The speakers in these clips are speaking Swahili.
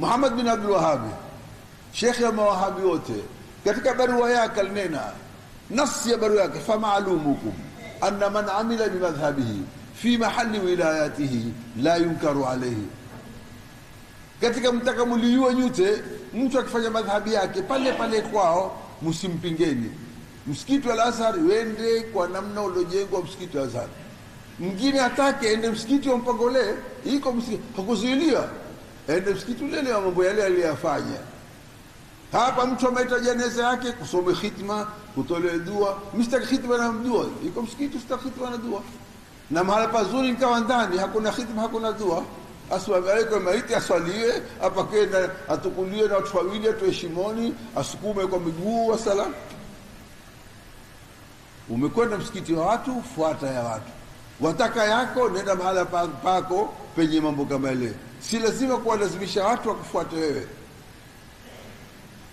Muhammad bin Abdul Wahhab, shekhe wa mawahabi wote, katika barua yake alinena, nafsi ya barua yake, famaalumukum anna man amila bimadhhabihi fi mahali wilayatihi la yunkaru alayhi, katika mtaka mliyua nyute, mtu akifanya madhhabi yake pale pale kwao msimpingeni. Msikiti wa Al-Azhar wende kwa namna uliojengwa msikiti wa Azhar, mwingine atake ende msikiti wa Mpangole, iko msikiti hakuzuiliwa ende yaani msikitulele elewa mambo yale aliyafanya hapa mtu ameita janeza yake kusome khitma kutolewe dua msitaki khitma na dua iko msikiti usitaki khitma na dua na mahala pazuri nikawa ndani hakuna khitma hakuna dua asiwaweke maiti aswaliwe apakee atukuliwe na watu wawili atoe shimoni asukume kwa miguu wasalam umekwenda msikiti wa watu fuata ya watu wataka yako nenda mahala pako penye mambo kama yale si lazima kuwalazimisha watu wakufuate wewe.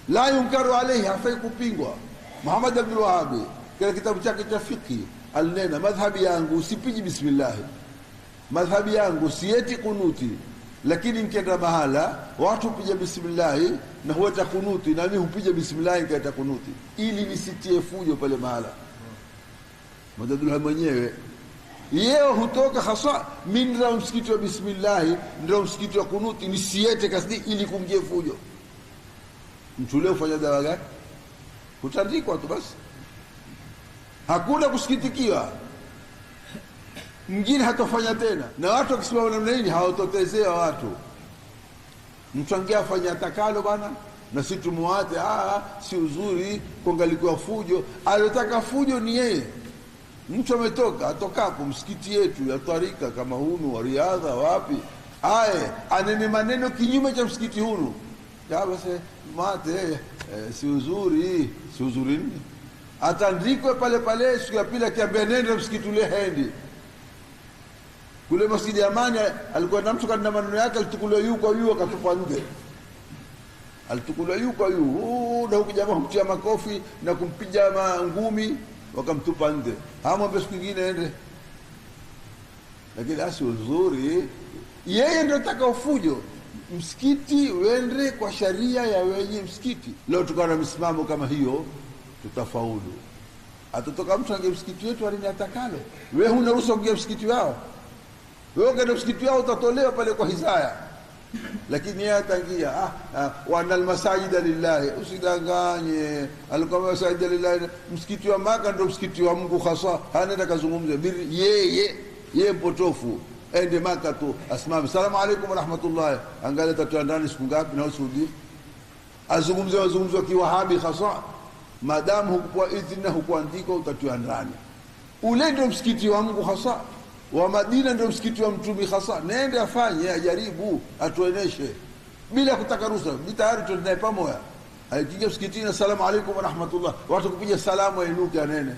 La yunkaru alaihi, hafai kupingwa. Muhammad Abdul Wahabi katika kitabu chake cha fiqhi alinena, madhhabi yangu sipiji bismillahi, madhhabi yangu sieti kunuti, lakini nkienda mahala watu hupija bismillahi na huweta kunuti, nami hupija bismillahi nkaeta kunuti ili nisitie fujo pale mahala. Muhammad Abdul Wahabi mwenyewe yeo hutoka haswa min msikiti wa bismillahi ndio msikiti wa kunuti nisiete kasdi ili kumjie fujo mtu leo fanya dawa gani hutandikwa tu basi hakuna kusikitikiwa mwingine hatofanya tena na watu wakisimama namna nini hawatotezewa watu mtu angia afanya atakalo bana na si tumuwate ah, ah, si uzuri kongalikiwa fujo alotaka fujo ni yeye mtu ametoka atokako msikiti yetu ya tarika kama hunu wa riadha wapi, aye anene maneno kinyume cha msikiti hunu yabase mate e, si uzuri si uzuri nini, atandikwe pale pale. Siku ya pili akiambia nende msikiti ule hendi kule Masjidi Amani alikuwa na mtu kana maneno yake, alitukuliwa yu kwa yu akatupa nje, alitukuliwa yu kwa yu na huku jamaa kumtia makofi na kumpiga ngumi wakamtupa nje, hamwambia siku ingine ende. Lakini asi uzuri yeye ndo taka ufujo msikiti wende kwa sharia ya wenye msikiti. Leo tukawa na misimamo kama hiyo, tutafaulu. Atatoka mtu ange msikiti wetu alini atakalo. We huna ruhusa kuingia msikiti wao, we ukaenda msikiti wao utatolewa pale kwa hizaya lakini yeye atangia ah, ah, wana almasajida lillahi usidanganye alikuwa masajida lillahi msikiti wa maka ndio msikiti wa Mungu hasa hanaenda kazungumza biri yeye yeye mpotofu ende maka tu asimame salamu alaykum warahmatullahi angalia tatua ndani siku ngapi na usudi azungumze wazungumzo wa kiwahabi hasa madamu hukuwa idhini hukuandika utatiwa ndani ule ndio msikiti wa Mungu hasa wa Madina ndio msikiti wa Mtume hasa, nende afanye, ajaribu, atueneshe bila kutaka ruhusa. Mimi tayari tunaye pamoja, akija msikitini, asalamu alaykum wa rahmatullah, watu kupiga salamu, ainuke anene.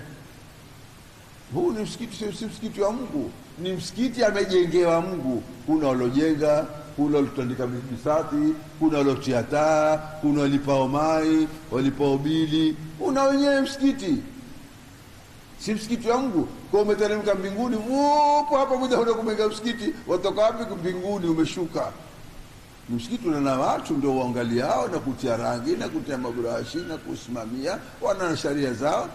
Huu ni msikiti, si msikiti wa Mungu, ni msikiti amejengewa Mungu. Kuna walojenga, kuna walotandika misati, kuna walotia taa, kuna walipao mai, walipao bili, una wenyewe msikiti si msikiti wangu kwa umeteremka mbinguni, upo hapa moja moja kumega msikiti, watoka wapi? Mbinguni umeshuka. Ni msikiti na watu ndio waangaliao na kutia rangi na kutia maburashi na kusimamia, wana na sharia zao,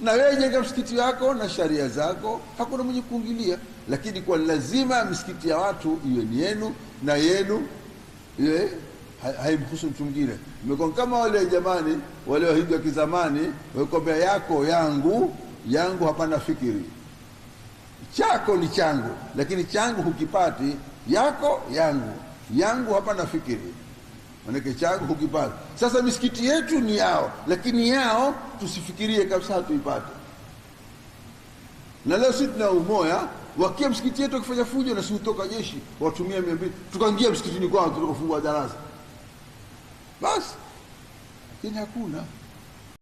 na wewe jenga msikiti wako na sharia zako, hakuna mwenye kuingilia. Lakini kwa lazima msikiti ya watu iwe ni yenu na yenu iwe haimhusu mtu mwingine. Imekuwa kama wale jamani, wale wahindi wa kizamani wakwambia yako yangu yangu hapana fikiri. Chako ni changu, lakini changu hukipati, yako yangu, yangu hapana fikiri, maanake changu hukipati. Sasa misikiti yetu ni yao, lakini yao tusifikirie kabisa, hatuipate. Na leo sisi tuna umoya wakia msikiti yetu akifanya fujo na siutoka jeshi watumia mia mbili tukaingia msikitini kwao tukafungua darasa basi, lakini hakuna